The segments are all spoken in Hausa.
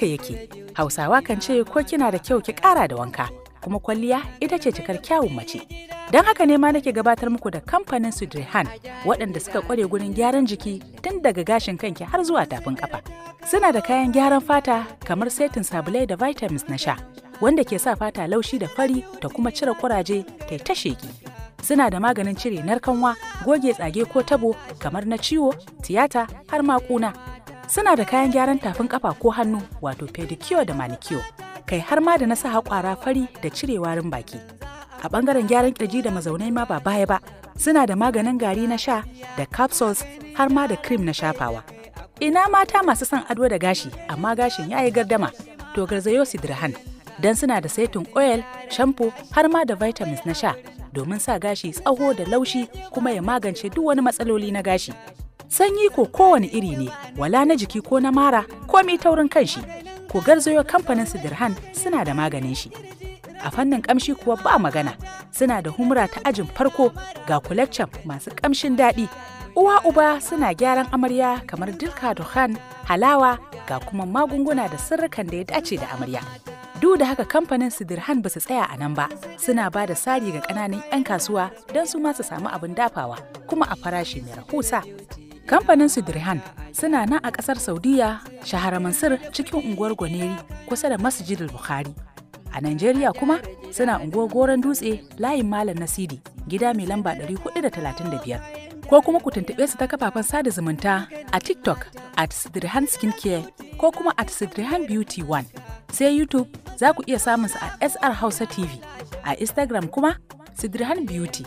haka yake hausawa kan ce ko kina da kyau ki ƙara da wanka kuma kwalliya ita ce cikar kyawun mace don haka ne ma nake gabatar muku da kamfanin su Drehan waɗanda suka kware gurin gyaran jiki tun daga gashin kanki har zuwa tafin kafa suna da kayan gyaran fata kamar setin sabulai da vitamins na sha wanda ke sa fata laushi da fari ta kuma cire kuraje ta ta sheki suna da maganin cire narkanwa goge tsage ko tabo kamar na ciwo tiyata har ma kuna Suna da kayan gyaran tafin kafa ko hannu wato pedicure da manicure, kai har ma da na saha kwara fari da cire warin baki. A bangaren gyaran kirji da mazaunai ma ba baya ba, suna da maganin gari na sha da capsules har ma da cream na shafawa. Ina mata masu son ado da gashi, amma gashin ya yi gardama, to garzayo sidirhan. don suna da saitin oil, shampoo har ma da vitamins na sha domin sa gashi tsaho da laushi kuma ya magance duk wani matsaloli na gashi. sanyi ko kowane iri ne wala na jiki ko na mara ko komi taurin kanshi ko garzayo kamfanin sidirhan suna da maganin shi a fannin kamshi kuwa ba magana suna da humra ta ajin farko ga kulaccan masu kamshin daɗi uwa uba suna gyaran amarya kamar dilka duhan halawa ga kuma magunguna da sirrikan da ya dace da amarya duk da haka kamfanin sidirhan ba su tsaya a nan ba suna ba da sari ga ƙananan 'yan kasuwa don su ma su samu abin dafawa kuma a farashi mai rahusa Kamfanin Sidrihan suna nan a ƙasar Saudiya shahara Mansur cikin unguwar Gwaneri kusa da Masjidul Bukhari. A Najeriya kuma suna unguwar Goron Dutse layin Malam Nasidi gida mai lamba 435. Ko kuma ku tuntuɓe su ta kafafen sada zumunta a TikTok at Sidrihan Skincare ko kuma at Sidrihan Beauty One. Sai YouTube za ku iya samun su a SR Hausa TV. A Instagram kuma Sidrihan Beauty.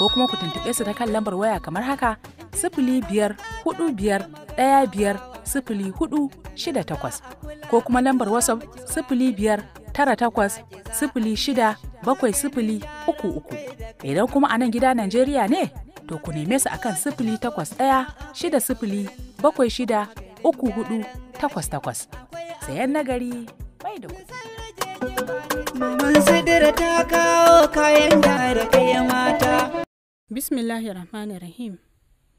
Ko kuma ku tuntuɓe su ta kan lambar waya kamar haka sifili biyar hudu biyar ɗaya biyar sifili hudu shida takwas ko kuma lambar wasaf sifili biyar tara takwas sifili shida bakwai sifili uku uku idan kuma a nan gida najeriya ne to ku neme su akan sifili takwas ɗaya shida sifili bakwai shida uku hudu takwas takwas sayan nagari bai da kuɗi. Maman rahim ta kawo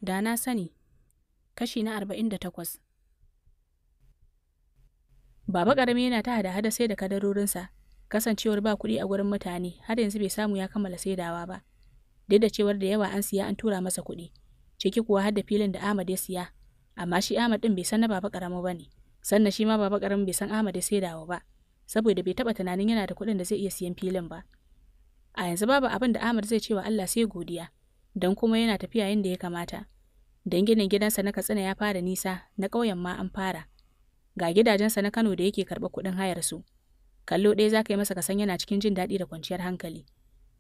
Da na sani, kashi na arba'in da takwas. Baba ƙarami yana ta hada-hada sai da kadarorinsa, kasancewar ba kuɗi a gurin mutane har yanzu bai samu ya kammala saidawa ba. Duk da cewar da yawa an siya an tura masa kuɗi, ciki kuwa har da filin da Ahmad ya siya, amma shi Ahmad ɗin bai san na baba ƙarami ba ne, sannan shi ma baba ƙarami bai san Ahmad ya saidawa ba, saboda bai taɓa tunanin yana da kuɗin da zai iya siyan filin ba. A yanzu babu abin da Ahmad zai ce wa Allah sai godiya, don kuma yana tafiya yadda ya kamata. don ginin gidansa na katsina ya fara nisa na ƙauyen ma an fara ga gidajensa na kano da yake karɓa kuɗin hayar su kallo ɗaya za ka yi masa kasan yana cikin jin daɗi da kwanciyar hankali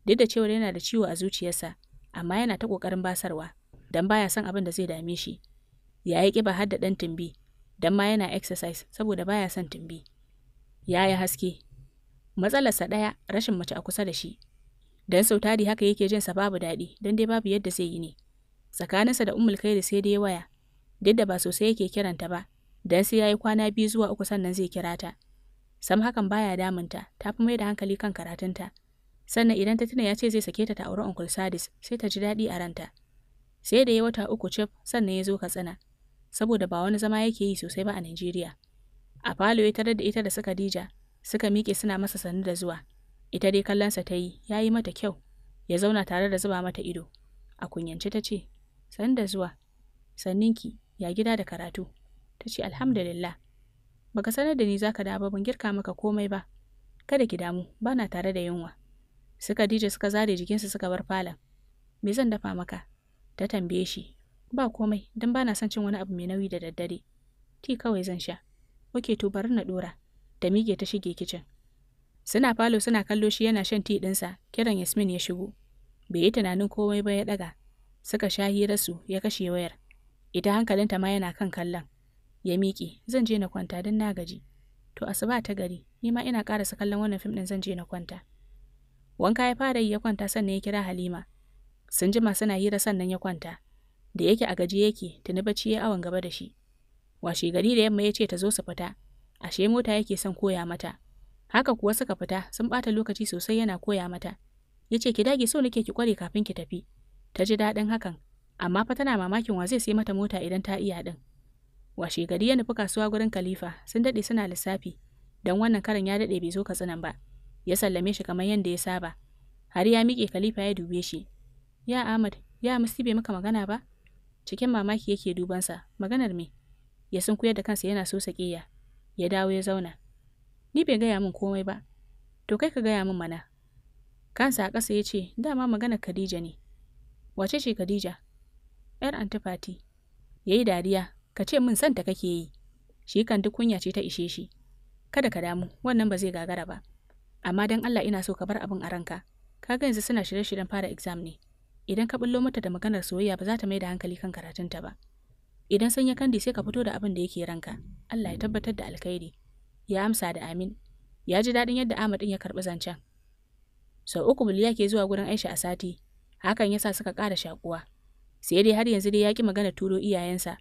duk da cewa yana da ciwo a zuciyarsa amma yana ta ƙoƙarin basarwa don baya son abin da zai dame shi ya yi ƙiba har da ɗan tumbi don ma yana exercise saboda baya son tumbi ya yi haske matsalarsa ɗaya rashin mace a kusa da shi don sau tari haka yake jinsa babu daɗi don dai babu yadda zai yi ne Tsakaninsa da Ummul Khairi sai dai waya, duk da ba sosai yake kiranta ba, dan sai yayi kwana biyu zuwa uku sannan zai kira ta. Sam hakan baya damunta, ta fi mai da hankali kan karatunta. Sannan idan ta tuna ya ce zai sake ta ta auri Uncle Sadis, sai ta ji daɗi a ranta. Sai da ya wata uku cif sannan ya zo Katsina, saboda ba wani zama yake yi sosai ba a Najeriya. A falo ya tarar da ita da suka dija, suka miƙe suna masa sannu da zuwa. Ita dai kallonsa ta yi, ya yi mata kyau, ya zauna tare da zuba mata ido. A kunyance ta ce, sanda da zuwa, sanninki, ya gida da karatu. Ta ce, Alhamdulillah. Baka sanar da ni za ka dawo ba, ban girka maka komai ba. Kada ki damu, Bana tare da yunwa. Su Khadija suka zare jikinsu suka bar falon. Me zan dafa maka? Ta tambaye shi. Ba komai, don bana son cin wani abu mai nauyi da daddare. Ti kawai zan sha. Oke to bari na ɗora. Da mige ta shige kicin. Suna falo suna kallo shi yana shan ti ɗinsa, kiran Yasmin ya shigo. Bai yi tunanin komai ba ya ɗaga. Suka sha su ya kashe wayar. Ita hankalinta ma yana kan kallon. Ya miƙe, zan je na kwanta don na gaji. To asuba ta gari, ni ma ina ƙarasa kallon wannan fim ɗin zan je na kwanta. Wanka ya fara yi ya kwanta sannan ya kira Halima. Sun jima suna hira sannan ya kwanta. Da yake a gaji yake, tuni bacci ya awon gaba da shi. Washe gari da yamma ya ce ta zo su fita, ashe mota yake son koya mata. Haka kuwa suka fita sun bata lokaci sosai yana koya mata. Ya ce ki dage so nake ki kware kafin ki tafi. ta ji daɗin hakan amma fa tana mamakin wa zai sai mata mota idan ta iya ɗin washe gari ya nufi kasuwa gurin khalifa sun daɗe suna lissafi don wannan karan ya daɗe bai zo katsinan ba ya sallame shi kamar yadda ya saba har ya miƙe khalifa ya dube shi ya ahmad ya musti bai maka magana ba cikin mamaki yake dubansa maganar me ya sunkuyar da kansa yana so sake ya dawo ya zauna ni bai gaya min komai ba to kai ka gaya min mana kansa a ƙasa ya ce dama maganar khadija ne Wace ce Khadija? ‘Yar antifati. Ya yi dariya, ka ce min santa kake yi. Shi kan duk kunya ce ta ishe shi. Kada ka damu, wannan ba zai gagara ba. Amma don Allah ina so ka bar abin a ranka. Ka ga yanzu suna shirye-shiryen fara exam ne. Idan ka ɓullo mata da maganar soyayya ba za ta mai da hankali kan karatunta ba. Idan sun ya kandi sai ka fito da abin da yake ranka. Allah ya tabbatar da alkhairi. Ya amsa da amin. Ya ji daɗin yadda Ahmad ɗin ya karɓi zancen. Sau uku Biliya ke zuwa gurin Aisha a sati hakan yasa suka ƙara shakuwa sai dai har yanzu dai ya ki magana turo iyayensa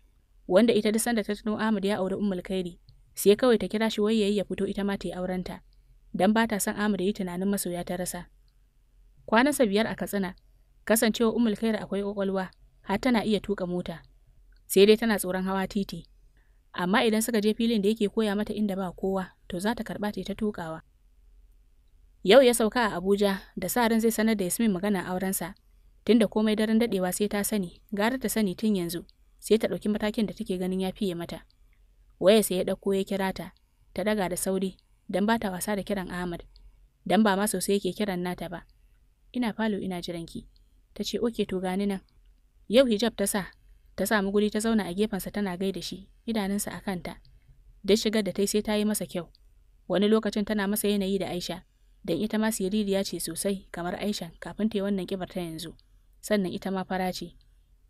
wanda ita duk sanda ta tuno Ahmad ya auri Ummul Khairi sai kawai ta kira shi wai ya fito ita ma ta yi aurenta dan ba ta son Ahmad yi tunanin masoya ta rasa kwanansa biyar a Katsina kasancewa Ummul Khairi akwai kokolwa har tana iya tuka mota sai dai tana tsoron hawa titi amma idan suka je filin da yake koya mata inda ba kowa to za ta karɓa ta tukawa yau ya sauka a Abuja da sa ran zai sanar da Yasmin magana aurensa Tun da komai daren dadewa sai ta sani gara ta sani tun yanzu sai ta ɗauki matakin da take ganin ya fiye mata waya sai ya ɗauko ya kira ta ta daga da sauri dan ba ta wasa da kiran Ahmad dan ba ma sosai yake kiran nata ba ina falo ina jiranki ta ce oke to gani nan yau hijab ta sa ta samu guri ta zauna a gefensa tana gaida shi idanunsa a kanta da shigar da ta sai ta yi masa kyau wani lokacin tana masa yanayi da Aisha don ita ma siririya ce sosai kamar Aisha kafin ta yi wannan kibar ta yanzu. sannan ita ma fara ce.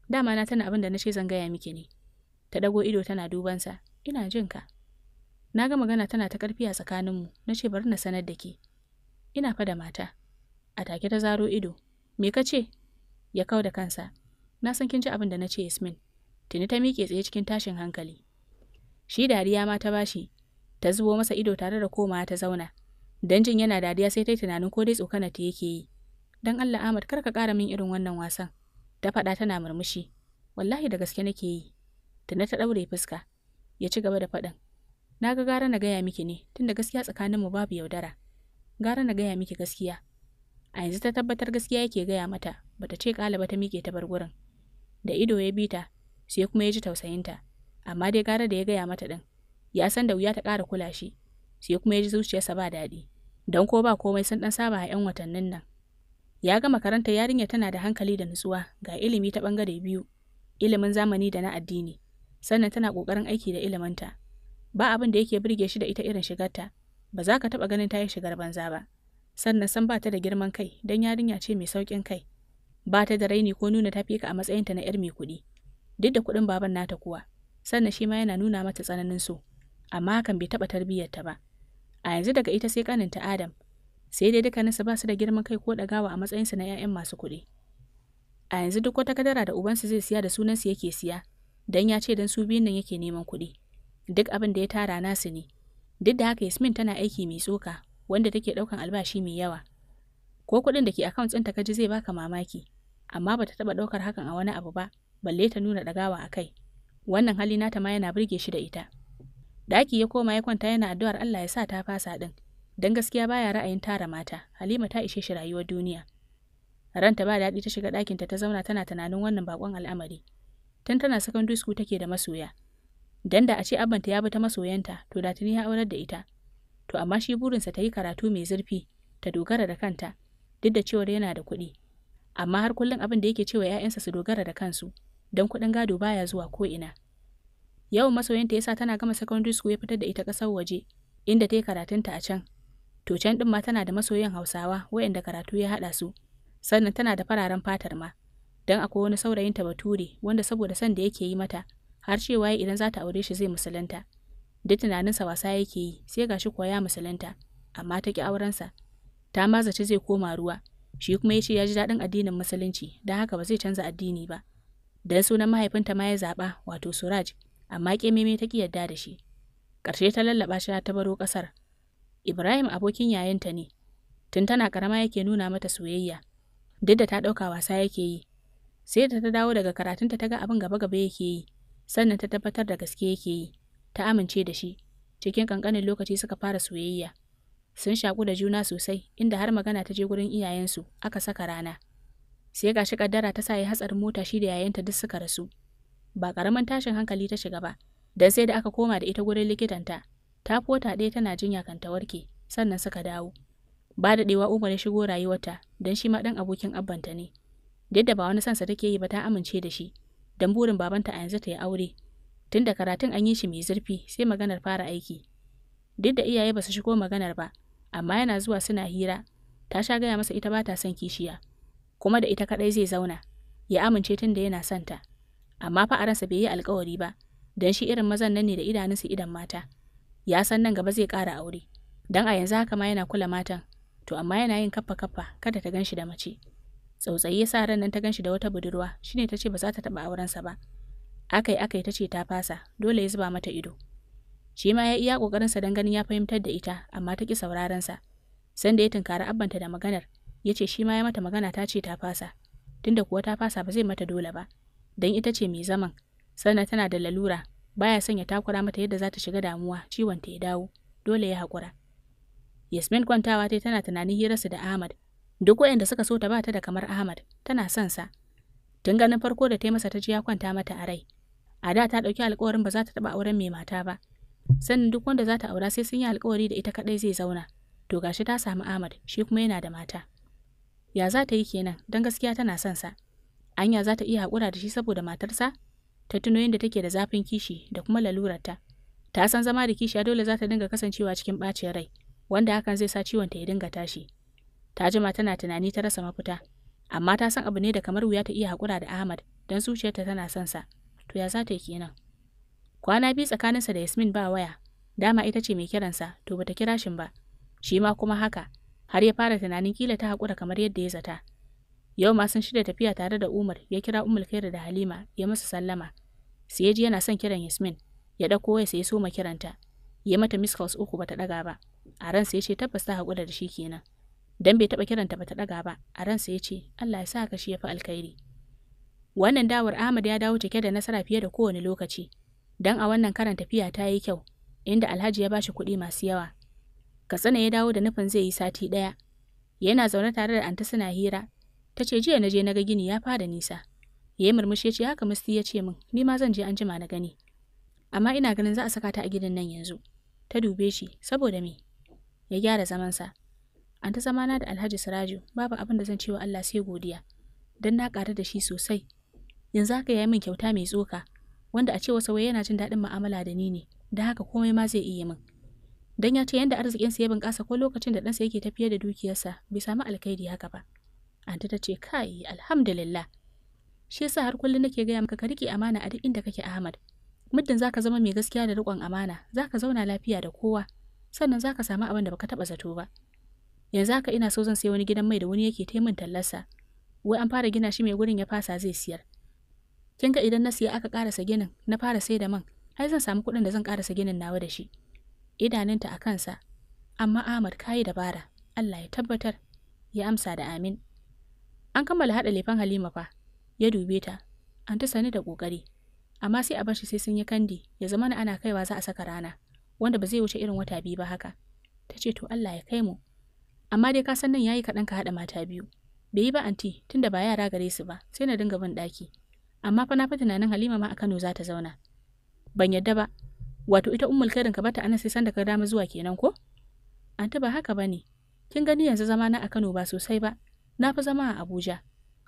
Dama na tana abin da na ce zan gaya miki ne. Ta ɗago ido tana dubansa, ina jin ka. Na ga magana tana ta karfi a tsakaninmu, na ce bari na sanar da ke. Ina fa da mata. A take ta zaro ido, me ka ce? Ya kau da kansa, na san kin ji abin da na ce Yasmin. Tuni ta miƙe tsaye cikin tashin hankali. Shi dariya ma ta bashi, ta zubo masa ido tare da komawa ta zauna. Danjin yana dariya sai ta yi tunanin ko dai tsokana ta yake yi. don Allah Ahmad kar ka ƙara min irin wannan wasan ta faɗa tana murmushi wallahi da gaske nake yi tana ta ɗaure fuska ya ci gaba da faɗin na ga gara na gaya miki ne tunda gaskiya tsakaninmu babu yaudara gara na gaya miki gaskiya a yanzu ta tabbatar gaskiya yake gaya mata bata ce ƙalaba ta miƙe ta bar gurin da ido ya bi ta sai kuma ya ji tausayinta amma dai gara da ya gaya mata ɗin ya san da wuya ta ƙara kula shi sai kuma ya ji zuciyarsa ba daɗi don ko ba komai sun ɗan saba a 'yan watannin nan ya ga makarantar yarinya tana da hankali da nutsuwa ga ilimi ta bangare biyu ilimin zamani da na addini sannan tana kokarin aiki da iliminta ba abin da yake burge shi da ita irin shigarta ba za ka taba ganin ta yi shigar banza ba sannan san ba ta da girman kai don yarinya ce mai saukin kai ba ta da raini ko nuna tafi ka a matsayinta na yar mai kuɗi duk da kuɗin baban nata kuwa sannan shi ma yana nuna mata tsananin so amma hakan bai taɓa tarbiyyarta ba a yanzu daga ita sai kaninta Adam sai dai dukkaninsu ba su da girman kai ko ɗagawa a matsayinsu na 'ya'yan masu kuɗi. A yanzu duk wata kadara da ubansu zai siya da sunansu yake siya, don ya ce don su biyun nan yake neman kuɗi. Duk abin da ya tara nasu ne. Duk da haka Yasmin tana aiki mai tsoka, wanda take ɗaukan albashi mai yawa. Ko kuɗin da ke akaunt ɗinta kaji zai baka mamaki, amma bata taɓa ɗaukar hakan a wani abu ba, balle ta nuna ɗagawa a kai. Wannan hali nata ma yana burge shi da ita. Daki ya koma ya kwanta yana addu'ar Allah ya sa ta fasa ɗin. don gaskiya baya ra'ayin tara mata halima ta ishe shi rayuwar duniya ranta ba daɗi ta shiga ɗakinta ta zauna tana tunanin wannan bakon al'amari tun tana secondary school take da masoya dan da a ce abanta ya bi ta masoyanta to da tuni ya aurar da ita to amma shi burinsa ta yi karatu mai zurfi ta dogara da kanta duk da cewar yana da kuɗi amma har kullum abin da yake cewa 'ya'yansa su dogara da kansu don kuɗin gado baya zuwa ko ina yawan masoyanta yasa tana gama secondary school ya fitar da ita ƙasar waje inda ta yi karatunta a can to can ɗin ma tana da masoyan Hausawa wayanda karatu ya haɗa su, sannan tana da fararen fatar ma, don akwai wani saurayinta bature wanda saboda son da yake yi mata, har cewa ya idan za ta aure shi zai musulunta. Duk tunaninsa wasa yake yi, sai gashi kuwa ya musulunta, amma ta ki aurensa. Ta ma zaci zai koma ruwa, shi kuma ya ce ya ji daɗin addinin musulunci, don haka ba zai canza addini ba. Da sunan mahaifinta ma ya zaɓa, wato Suraj, amma ƙememe ta ƙi yarda da shi. Ƙarshe ta lallaɓa shi ta baro ƙasar, Ibrahim abokin yayanta ne, tun tana karama yake nuna mata soyayya, duk da ta ɗauka wasa yake yi. Sai da ta dawo daga karatunta ta ga abin gaba-gaba yake yi, sannan ta tabbatar da gaske yake yi, ta amince da shi. Cikin ƙanƙanin lokaci suka fara soyayya. Sun shaƙu da juna sosai, inda har magana ta je gurin iyayensu, aka saka rana. Sai ga shi ƙaddara ta sa yi hatsarin mota shi da yayanta duk suka rasu. Ba ƙaramin tashin hankali ta shiga ba, don sai da aka koma da ita gurin likitanta, Ta fota ɗaya tana jinya kan ta warke, sannan suka dawo. Ba ɗewa Umar ya shigo rayuwarta don shi ma ɗan abokin abbanta ne. Yadda ba wani sansa take yi ba ta amince da shi, don burin babanta a yanzu ta yi aure. Tun da karatun an yi shi mai zurfi sai maganar fara aiki. Duk da iyaye ba su shigo maganar ba, amma yana zuwa suna hira, ta sha gaya masa ita ba ta son kishiya, kuma da ita kaɗai zai zauna, ya amince tun da yana son ta. Amma fa a ransa bai yi alkawari ba, don shi irin mazan nan ne da idanunsu idan mata. ya san nan gaba zai ƙara aure dan a yanzu haka ma yana kula matan to amma yana yin kaffa kaffa kada ta ganshi da mace tsautsayi ya sa ran nan ta ganshi da wata budurwa shine ta ce ba za ta taɓa aurensa ba akai akai ta ce ta fasa dole ya zuba mata ido shi ma ya iya ƙoƙarinsa don ganin ya fahimtar da ita amma ta ƙi saurarensa sanda ya tunkari abbanta da maganar ya ce shi ma ya mata magana ta ce ta fasa tunda kuwa ta fasa ba zai mata dole ba don ita ce mai zaman sannan tana da lalura baya son ya takura mata yadda za ta shiga damuwa ciwon ta ya dawo dole ya haƙura Yasmin kwantawa ta tana tunanin hirarsa da Ahmad duk wayanda suka so ta bata da kamar Ahmad tana son sa tun ganin farko da ta masa ta ji ya kwanta mata a rai a da ta ɗauki alƙawarin ba za ta taɓa auren mai mata ba sannan duk wanda za ta aura sai sun yi alƙawari da ita kaɗai zai zauna to gashi ta samu Ahmad shi kuma yana da mata ya za ta yi kenan don gaskiya tana son sa anya za ta iya haƙura da shi saboda matarsa ta tuno yadda take da zafin kishi da kuma lalurarta ta san zama da kishiya dole za ta dinga kasancewa cikin ɓacin rai wanda hakan zai sa ciwon ta ya dinga tashi ta jima tana tunani ta rasa mafita amma ta san abu ne da kamar wuya ta iya haƙura da Ahmad don zuciyarta tana son sa to ya za ta yi kenan kwana biyu tsakaninsa da Yasmin ba waya dama ita ce mai kiransa to bata kira shin ba shi ma kuma haka har ya fara tunanin kila ta haƙura kamar yadda ya zata Yau ma sun shirya tafiya tare da Umar ya kira Umar da Halima ya masa sallama. Sai ji yana son kiran Yasmin ya ɗauko waya sai ya soma kiranta. Ya mata miss House uku bata ɗaga ba. A ran ya ce tabbas ta haƙura da shi kenan. Dan bai taɓa kiranta bata ɗaga ba. A ransa ya ce Allah ya sa ka shi ya fi alkhairi. Wannan dawar Ahmad ya dawo cike da nasara fiye da kowane lokaci. Dan a wannan karan tafiya ta yi kyau inda Alhaji ya bashi kuɗi masu yawa. Katsina ya dawo da nufin zai yi sati ɗaya. Yana zaune tare da Anta suna hira Ta ce jiya na je na ga gini ya fada nisa. Ya yi murmushi ya ce haka musti ya ce min ni ma zan je an jima na gani. Amma ina ganin za a saka ta a gidan nan yanzu. Ta dube shi saboda me? Ya gyara zamansa. An ta zamana da Alhaji Siraju babu abin da zan ce wa Allah sai godiya. Dan na ƙaru da shi sosai. Yanzu haka ya yi min kyauta mai tsoka wanda a ce wasa wai yana jin daɗin ma'amala da ni ne. Da haka komai ma zai iya min. Dan ya ce yanda arzikinsa ya bunƙasa ko lokacin da ɗansa yake tafiye da dukiyarsa bai samu alkhairi haka ba. Anta ta ce, Kai, alhamdulillah. Shi yasa har kullum nake gaya maka ka riƙe amana a duk inda kake Ahmad. Muddin zaka zama mai gaskiya da rikon amana, zaka zauna lafiya da kowa, sannan zaka samu abin da baka taɓa zato ba. Yanzu haka ina so zan sayi wani gidan mai da wani yake taimin tallasa. Wai an fara gina shi mai gurin ya fasa zai siyar. Kin ga idan na siya aka karasa ginin, na fara sai da man, ai zan samu kuɗin da zan karasa ginin nawa da shi. Idaninta a kansa, amma Ahmad kayi dabara, Allah ya tabbatar, ya amsa da amin. An kammala haɗa lefen Halima fa, ya dube ta, an ta sani da ƙoƙari, amma sai a bashi sai sun yi kandi ya zama na ana kaiwa za a saka rana, wanda ba zai wuce irin wata biyu ba haka. Ta ce to Allah ya kai mu. Amma dai ka san nan ya yi kaɗan ka haɗa mata biyu. Bai yi ba anti tunda ba yara gare su ba, sai na dinga bin ɗaki. Amma fa na fi tunanin Halima ma a Kano za ta zauna. Ban yadda ba, wato ita ummul kairin ka bata ana sai sanda da ka dama zuwa kenan ko? Anti ba haka ba ne, kin gani yanzu zama na a Kano ba sosai ba, na fi zama a Abuja.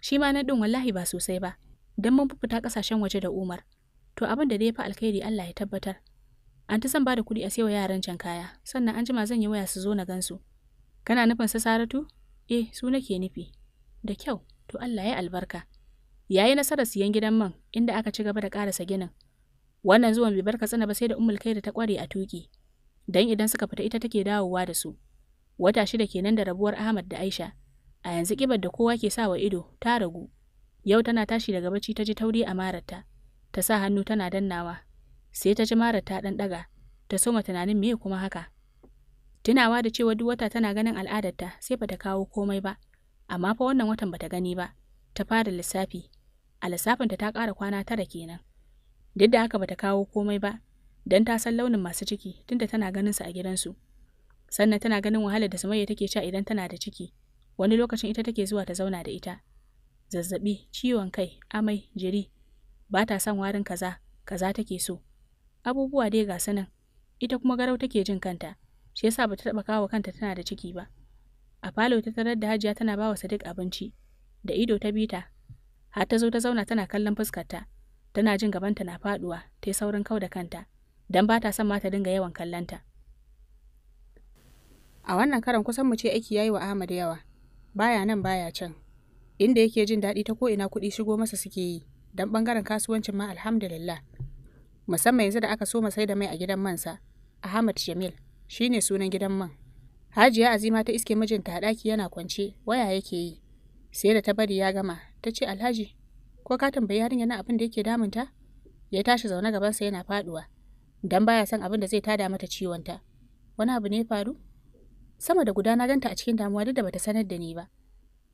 Shi ma na ɗin wallahi ba sosai ba, don mun fita ƙasashen waje da Umar. To abin da dai fa alkhairi Allah ya tabbatar. An ta san ba da kuɗi a sayo yaran can kaya, sannan an jima zan yi waya su zo na gansu. Kana nufin sa Saratu? Eh, su nake nufi. Da kyau, to Allah ya albarka. Ya yi nasarar siyan gidan man inda aka ci gaba da ƙarasa ginin. Wannan zuwan bai bar katsina ba sai da Ummul da ta ƙware a tuƙi. Dan idan suka fita ita take dawowa da su. Wata shida kenan da rabuwar Ahmad da Aisha. A yanzu ƙibar da kowa ke sawa ido ta ragu. Yau tana tashi daga bacci ta ji tauri a marata Ta sa hannu tana dannawa. Sai ta ji marar ta ɗan ɗaga. Ta soma tunanin me kuma haka. Tunawa da cewa duk wata tana ganin al'adarta sai bata kawo komai ba. Amma fa wannan watan bata gani ba. Ta fara lissafi. A lissafinta ta ƙara kwana tara kenan. Duk da haka bata kawo komai ba. Don ta san launin masu ciki tunda tana ganin su a gidansu. Sannan tana ganin wahalar da Sumayya take sha idan tana da ciki. wani lokacin ita take zuwa ta zauna da ita zazzabi ciwon kai amai jiri ba ta son warin kaza kaza take so abubuwa dai ga sanan ita kuma garau take jin kanta shi yasa ta taba kawo kanta tana da ciki ba a falo ta tarar da hajiya tana bawa sadiq abinci da ido ta bita har ta zo ta zauna tana kallon fuskarta tana jin gaban ta na faduwa ta yi saurin kau da kanta dan ba ta son ma ta dinga yawan kallonta a wannan karan kusan mu ce aiki yayi wa ahmad yawa baya nan baya can inda yake jin daɗi ta ko'ina kuɗi shigo masa suke yi don ɓangaren kasuwancin ma alhamdulillah musamman yanzu da aka so sai da mai a gidan mansa ahmad jamil ne sunan gidan man hajiya azima ta iske mijinta a ɗaki yana kwance waya yake yi sai da ta bari ya gama ta ce alhaji ko ka tambayi yarinya na abin da yake damunta ya tashi zaune gabansa yana faduwa. don baya son abin da zai tada mata ciwon ta. wani abu ne faru sama da guda na ganta a cikin damuwa duk da bata sanar da ni ba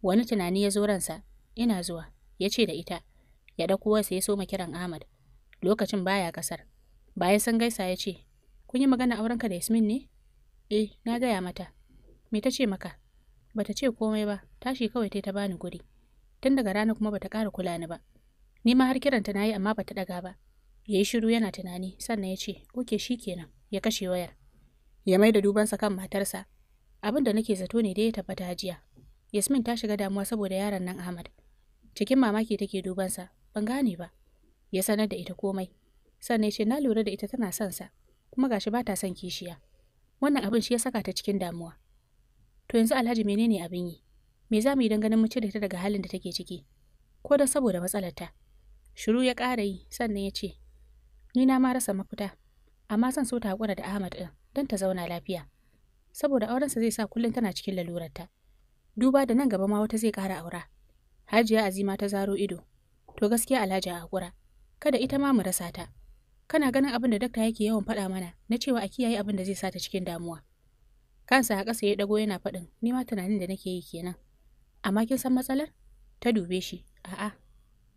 wani tunani ya zo ransa ina zuwa ya ce da ita ya ɗauko wasa ya soma kiran Ahmad lokacin baya kasar bayan sun gaisa ya ce kun yi magana aurenka da Yasmin ne eh na gaya mata me ta ce maka bata ce komai ba tashi kawai ta ta bani guri tun daga rana kuma bata ƙara kula ni ba ni ma har kiranta na yi amma bata ɗaga ba Ya yi shiru yana tunani sannan ya ce oke shi kenan ya kashe wayar ya mai da dubansa kan matarsa abin da nake zato ne dai ya tabbata jiya yasmin ta shiga damuwa saboda yaron nan ahmad cikin mamaki take dubansa ban gane ba ya sanar da ita komai sannan ya ce na lura da ita tana son sa kuma gashi ba ta son kishiya wannan abin shi ya saka ta cikin damuwa to yanzu alhaji menene abin yi me za mu yi don ganin mu cire ta daga halin da take ciki ko don saboda matsalarta shiru ya ƙara yi sannan ya ce ni na ma rasa mafita amma zan so ta haƙura da ahmad ɗin don ta zauna lafiya saboda aurensa zai sa kullum tana cikin lalurarta. Duba da nan gaba ma wata zai ƙara aura. Hajiya Azima ta zaro ido. To gaskiya Alhaji a hakura. Kada ita ma mu rasa ta. Kana ganin abin da dakta yake yawan faɗa mana na cewa a kiyaye abin da zai sa ta cikin damuwa. Kansa a ƙasa ya dago yana faɗin, ni ma tunanin da nake yi kenan. Amma kin san matsalar? Ta dube shi. A'a.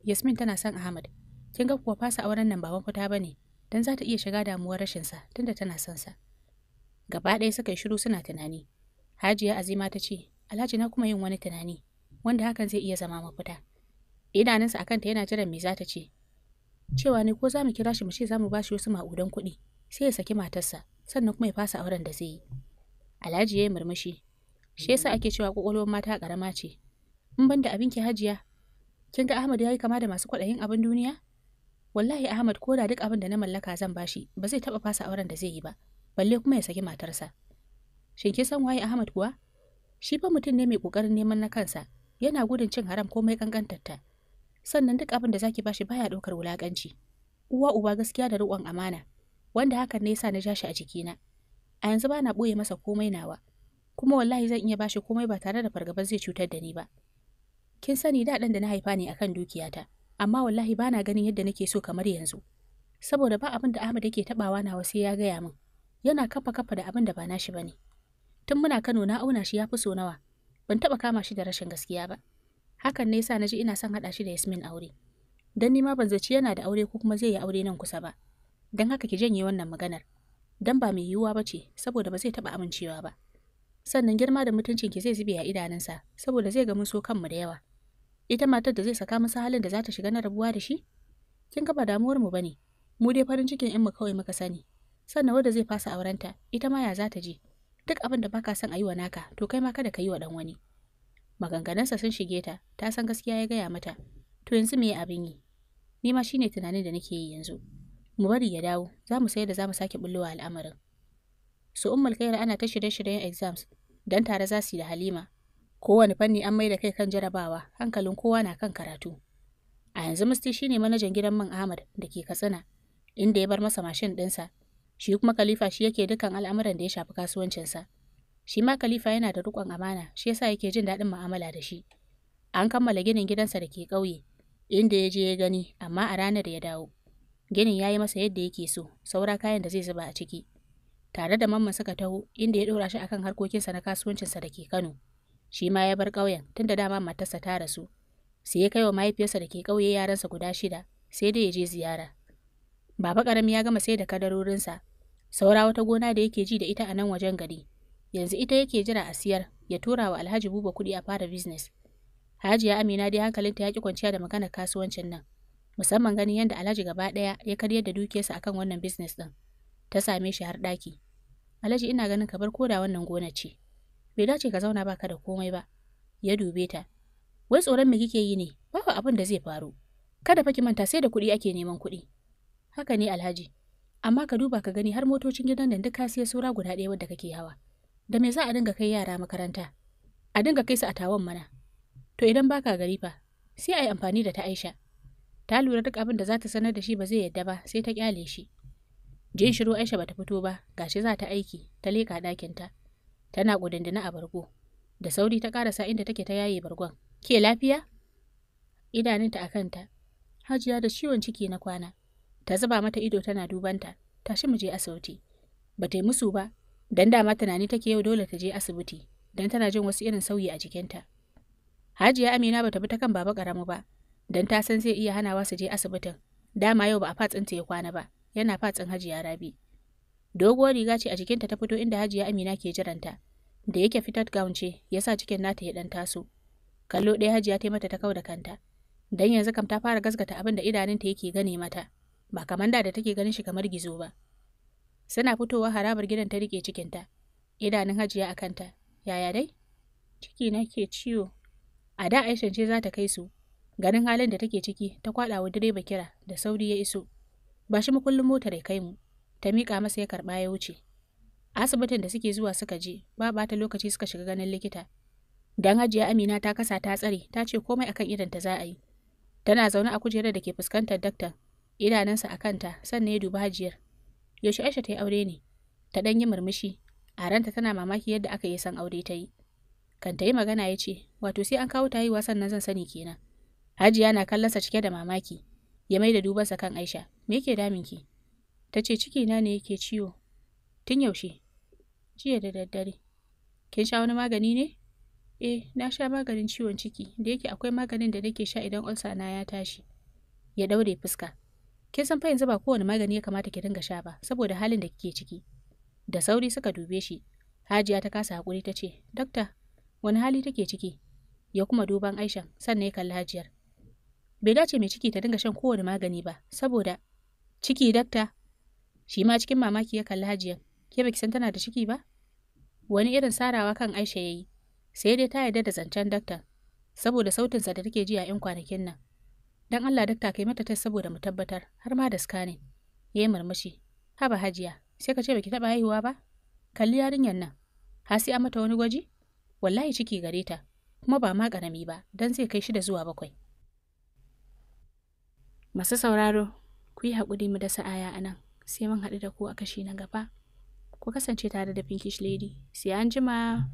Yasmin tana son Ahmad. Kin ga kuwa fasa auren nan ba mafita bane, dan za ta iya shiga damuwar rashin sa tunda tana son sa. Gaba ɗaya suka yi shiru suna tunani. Hajiya Azima ta ce, Alhaji na kuma yin wani tunani, wanda hakan zai iya zama mafita. Idanunsa a kanta yana jiran me za ta ce. Cewa ne ko za mu kira shi mu ce za mu ba shi wasu ma'udan kuɗi, sai ya saki matarsa, sannan kuma ya fasa auren da zai yi. Alhaji ya yi murmushi. Shi yasa ake cewa ƙwaƙwalwar mata ƙarama ce. In banda abin ke hajiya, kin ga Ahmad ya yi kama da masu kwaɗayin abin duniya? Wallahi Ahmad ko da duk abin da na mallaka zan bashi, ba zai taɓa fasa auren da zai yi ba. balle kuma ya saki matarsa shin kin san waye Ahmad kuwa shi fa mutum ne mai kokarin neman na kansa yana gudun cin haram komai kankantarta sannan duk abin da zaki bashi baya daukar wulakanci uwa uba gaskiya da riƙon amana wanda hakan ne yasa na ja shi a jikina a yanzu bana ɓoye masa komai nawa kuma wallahi zan iya bashi komai ba tare da fargabar zai cutar da ni ba kin sani daɗin da na haifa ne akan dukiyata amma wallahi bana ganin yadda nake so kamar yanzu saboda ba abin da Ahmad yake tabawa nawa sai ya gaya min yana kafa kafa da abin da ba nashi bane tun muna Kano na auna shi ya fi so nawa ban taba kama shi da rashin gaskiya ba hakan ne yasa naji ina son haɗa shi da Yasmin aure dan nima ban zaci yana da aure ko kuma zai yi aure nan kusa ba dan haka ki janye wannan maganar dan ba mai yiwuwa bace saboda ba zai taba amincewa ba sannan girma da mutuncin ki zai zube a idanunsa saboda zai ga mun so kanmu da yawa ita matar da zai saka masa halin da za ta shiga na rabuwa da shi kin ga damuwar mu bane mu dai farin cikin in mu kawai muka sani sannan wanda zai fasa aurenta ita ma ya za ta je. duk abin da baka son a yi wa naka to kai ma kada ka yi wa dan wani maganganunsa sun shige ta ta san gaskiya ya gaya mata to yanzu me abin yi ni ma shine tunanin da nake yi yanzu mu bari ya dawo za mu sayar da za mu sake bullowa al'amarin su ummul kaira ana ta shirye-shiryen exams dan tare za su yi da halima kowane fanni an mai da kai kan jarabawa hankalin kowa na kan karatu a yanzu musti shine manajan gidan man ahmad da ke katsina inda ya bar masa mashin ɗinsa shi kuma Khalifa shi yake dukan al'amuran da ya shafi kasuwancinsa. Shi ma Khalifa yana da riƙon amana, shi yasa yake jin daɗin mu'amala da shi. An kammala ginin gidansa da ke ƙauye, inda ya je ya gani, amma a ranar ya dawo. Ginin ya yi masa yadda yake so, saura kayan da zai zuba a ciki. Tare da mamman suka taho, inda ya ɗora shi akan harkokinsa na kasuwancinsa da ke Kano. Shi ma ya bar ƙauyen, tunda dama matarsa ta rasu. Sai ya kai wa mahaifiyarsa da ke ƙauye yaransa guda shida, sai dai ya je ziyara. Baba ƙarami ya gama sai da kadarorinsa, saura wata gona da yake ji da ita a nan wajen gari. Yanzu ita yake jira a siyar ya tura wa Alhaji Buba kuɗi a fara business. Hajiya Amina dai hankalinta ya ki kwanciya da maganar kasuwancin nan, musamman ganin yadda Alhaji gaba ɗaya ya karyar da dukiyarsa akan wannan business ɗin. Ta same shi har ɗaki. Alhaji ina ganin ka bar koda wannan gona ce. Bai dace ka zauna baka da komai ba. Ya dube ta. Wai tsoron me kike yi ne? Babu abin da zai faru. Kada fa ki manta sai da kuɗi ake neman kuɗi. Haka ne Alhaji. Amma ka duba ka gani har motocin gidan nan duk ka saura guda ɗaya wadda kake hawa. Da me za a dinga kai yara makaranta? A dinga kai su a tawon mana. To idan baka gari fa, sai a yi amfani da ta Aisha. Ta lura duk abin da za ta sanar da shi ba zai yadda ba sai ta kyale shi. Jin shiru Aisha bata fito ba, gashi za ta aiki, ta leka ɗakin ta Tana gudundina a bargo. Da sauri ta karasa inda take ta yaye bargon. Ke lafiya? Idanunta a kanta. Hajiya da ciwon ciki na kwana. ta zuba mata ido tana dubanta tashi mu je asibiti ba ta yi musu ba dan dama tunani take yau dole ta je asibiti dan tana jin wasu irin sauyi a jikinta hajiya amina ba ta bi ta kan baba karamu ba dan ta san zai iya hanawa su je asibitin dama yau ba a fatsinta ya kwana ba yana fatsin hajiya rabi doguwar riga ce a jikinta ta fito inda hajiya amina ke jiranta da yake fitar gown ce sa cikin nata ya dan taso kallo ɗaya hajiya ta mata ta kau da kanta dan yanzu kam ta fara gasgata abin da idanunta yake gane mata ba kamar da da take ganin shi kamar gizo ba. Suna fitowa harabar gidan ta riƙe cikinta, idanun hajiya a kanta, yaya dai? Ciki na ke ciwo. A da Aisha ce za ta kai su, ganin halin da take ciki ta kwaɗa wa direba kira da sauri ya iso. Ba shi makullin motar ya kai mu, ta miƙa masa ya karɓa ya wuce. Asibitin da suke zuwa suka je, ba ɓata lokaci suka shiga ganin likita. Dan hajiya Amina ta kasa ta tsare, ta ce komai akan idan ta za a yi. Tana zaune a kujerar da ke fuskantar daktar, idanunsa a kanta sannan ya duba hajiyar yaushe aisha ta yi aure ne ta ɗan yi murmushi a ranta tana mamaki yadda aka yi san aure ta yi kan ta yi magana ya ce wato sai an kawo tayiwa, sannan zan sani kenan hajiya na kallonsa cike da mamaki ya mai da dubarsa kan aisha me yake daminki ta ce cikina na ne yake ciwo tun yaushe jiya da daddare kin sha wani magani ne eh na sha maganin ciwon ciki da yake akwai maganin da nake sha idan ulsa na ya tashi ya daure fuska kin san fa yanzu ba kowane magani ya kamata ki dinga sha ba saboda halin da kike ciki da sauri suka dube shi hajiya ta kasa hakuri ta ce dokta wani hali take ciki ya kuma duban aishan sannan ya kalli hajiyar bai dace mai ciki ta dinga shan kowane magani ba saboda ciki dakta shi ma cikin mamaki ya kalli hajiyar ke baki san tana da ciki ba wani irin sarawa kan aisha ya yi sai dai ta yarda da zancen dakta saboda sautinsa da take ji a 'yan kwanakin nan dan Allah dakta kai mata test saboda mu tabbatar har ma da scanning yayi murmushi haba hajiya sai ka ce baki taba haihuwa ba kalli yarinyar nan ha sai mata wani gwaji wallahi ciki gare ta kuma ba ma karami ba dan zai kai shi da zuwa bakwai masu sauraro ku yi haƙuri mu dasa aya a nan sai mun haɗu da ku a kashi na gaba ku kasance tare da pinkish lady sai an jima